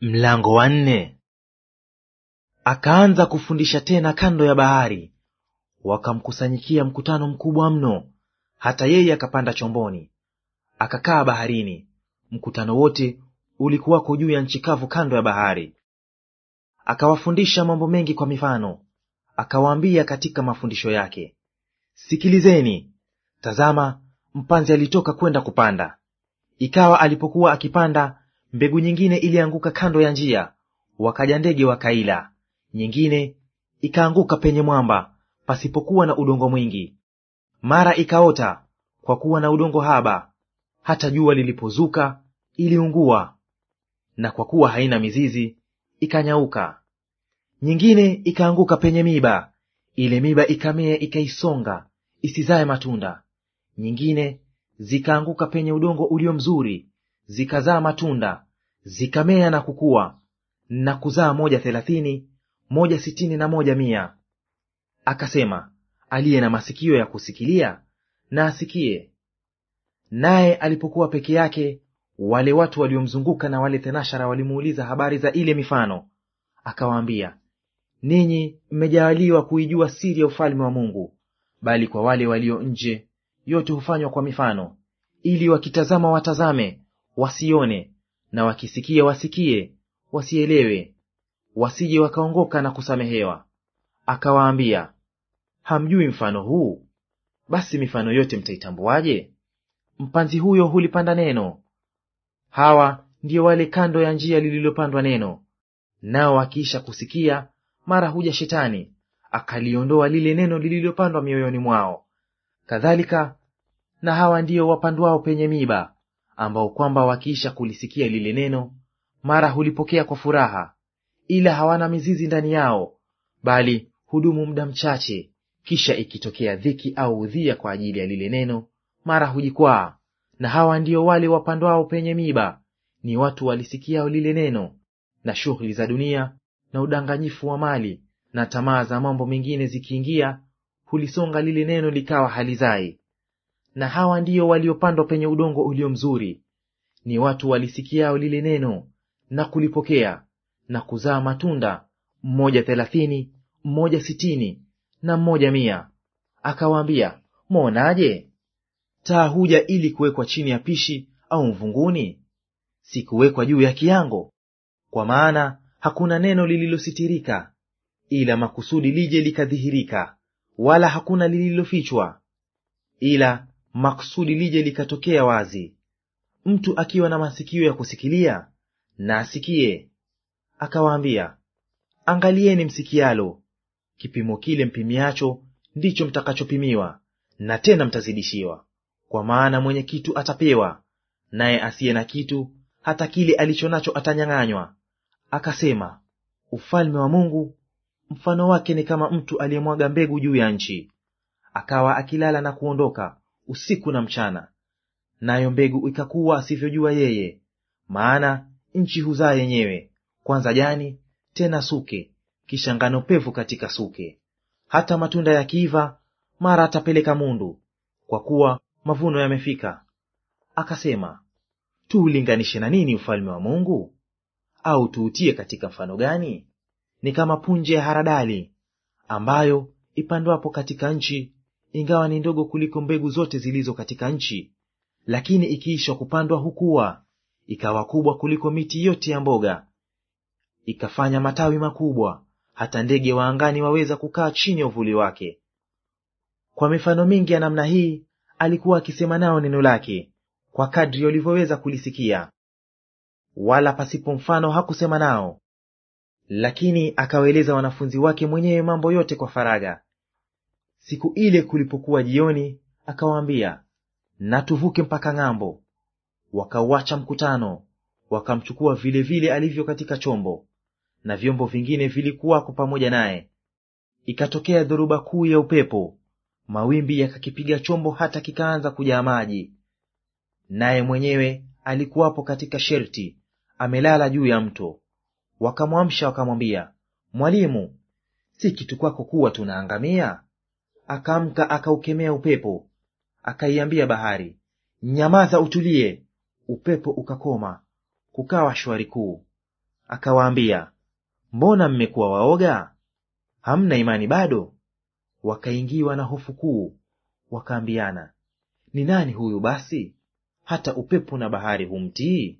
Mlango wa nne. Akaanza kufundisha tena kando ya bahari, wakamkusanyikia mkutano mkubwa mno, hata yeye akapanda chomboni akakaa baharini. Mkutano wote ulikuwako juu ya nchi kavu kando ya bahari. Akawafundisha mambo mengi kwa mifano, akawaambia katika mafundisho yake, Sikilizeni! Tazama, mpanzi alitoka kwenda kupanda. Ikawa alipokuwa akipanda Mbegu nyingine ilianguka kando ya njia, wakaja ndege wakaila. Nyingine ikaanguka penye mwamba, pasipokuwa na udongo mwingi, mara ikaota, kwa kuwa na udongo haba; hata jua lilipozuka iliungua, na kwa kuwa haina mizizi ikanyauka. Nyingine ikaanguka penye miba ile miba ikamea, ikaisonga, isizae matunda. Nyingine zikaanguka penye udongo ulio mzuri, zikazaa matunda, zikamea na kukua, na kuzaa moja thelathini, moja sitini na moja mia. Akasema, aliye na masikio ya kusikilia na asikie. Naye alipokuwa peke yake, wale watu waliomzunguka na wale thenashara walimuuliza habari za ile mifano. Akawaambia, ninyi mmejaliwa kuijua siri ya ufalme wa Mungu, bali kwa wale walio nje yote hufanywa kwa mifano, ili wakitazama watazame wasione, na wakisikia wasikie, wasielewe, wasije wakaongoka na kusamehewa. Akawaambia, hamjui mfano huu? Basi mifano yote mtaitambuaje? Mpanzi huyo hulipanda neno. Hawa ndio wale kando ya njia lililopandwa neno, nao akiisha kusikia, mara huja Shetani akaliondoa lile neno lililopandwa mioyoni mwao. Kadhalika na hawa ndio wapandwao penye miba, ambao kwamba wakiisha kulisikia lile neno mara hulipokea kwa furaha, ila hawana mizizi ndani yao, bali hudumu muda mchache; kisha ikitokea dhiki au udhia kwa ajili ya lile neno, mara hujikwaa. Na hawa ndio wale wapandwao penye miba, ni watu walisikiao lile neno, na shughuli za dunia na udanganyifu wa mali na tamaa za mambo mengine zikiingia, hulisonga lile neno likawa halizai na hawa ndiyo waliopandwa penye udongo ulio mzuri, ni watu walisikiao lile neno na kulipokea na kuzaa matunda, mmoja thelathini, mmoja sitini na mmoja mia. Akawaambia, mwaonaje? Taa huja ili kuwekwa chini ya pishi au mvunguni? sikuwekwa juu ya kiango? Kwa maana hakuna neno lililositirika, ila makusudi lije likadhihirika, wala hakuna lililofichwa, ila maksudi lije likatokea wazi. Mtu akiwa na masikio ya kusikilia na asikie. Akawaambia, angalieni msikialo; kipimo kile mpimiacho ndicho mtakachopimiwa, na tena mtazidishiwa. Kwa maana mwenye kitu atapewa, naye asiye na kitu, hata kile alicho nacho atanyang'anywa. Akasema, ufalme wa Mungu mfano wake ni kama mtu aliyemwaga mbegu juu ya nchi. Akawa akilala na kuondoka, usiku na mchana, nayo mbegu ikakuwa asivyojua yeye. Maana nchi huzaa yenyewe, kwanza jani, tena suke, kisha ngano pevu katika suke. Hata matunda yakiiva, mara atapeleka mundu, kwa kuwa mavuno yamefika. Akasema, tuulinganishe na nini ufalme wa Mungu? Au tuutie katika mfano gani? Ni kama punje ya haradali ambayo ipandwapo katika nchi ingawa ni ndogo kuliko mbegu zote zilizo katika nchi, lakini ikiisha kupandwa hukua, ikawa kubwa kuliko miti yote ya mboga, ikafanya matawi makubwa, hata ndege wa angani waweza kukaa chini ya uvuli wake. Kwa mifano mingi ya namna hii alikuwa akisema nao neno lake, kwa kadri walivyoweza kulisikia, wala pasipo mfano hakusema nao, lakini akawaeleza wanafunzi wake mwenyewe mambo yote kwa faragha. Siku ile kulipokuwa jioni, akawaambia, na tuvuke mpaka ng'ambo. Wakauacha mkutano, wakamchukua vilevile alivyo katika chombo, na vyombo vingine vilikuwako pamoja naye. Ikatokea dhoruba kuu ya upepo, mawimbi yakakipiga chombo hata kikaanza kujaa maji. Naye mwenyewe alikuwapo katika sherti, amelala juu ya mto. Wakamwamsha wakamwambia, Mwalimu, si kitu kwako kuwa tunaangamia? akamka akaukemea upepo, akaiambia bahari, nyamaza, utulie. Upepo ukakoma, kukawa shwari kuu. Akawaambia, mbona mmekuwa waoga? Hamna imani bado? Wakaingiwa na hofu kuu, wakaambiana, ni nani huyu basi hata upepo na bahari humtii?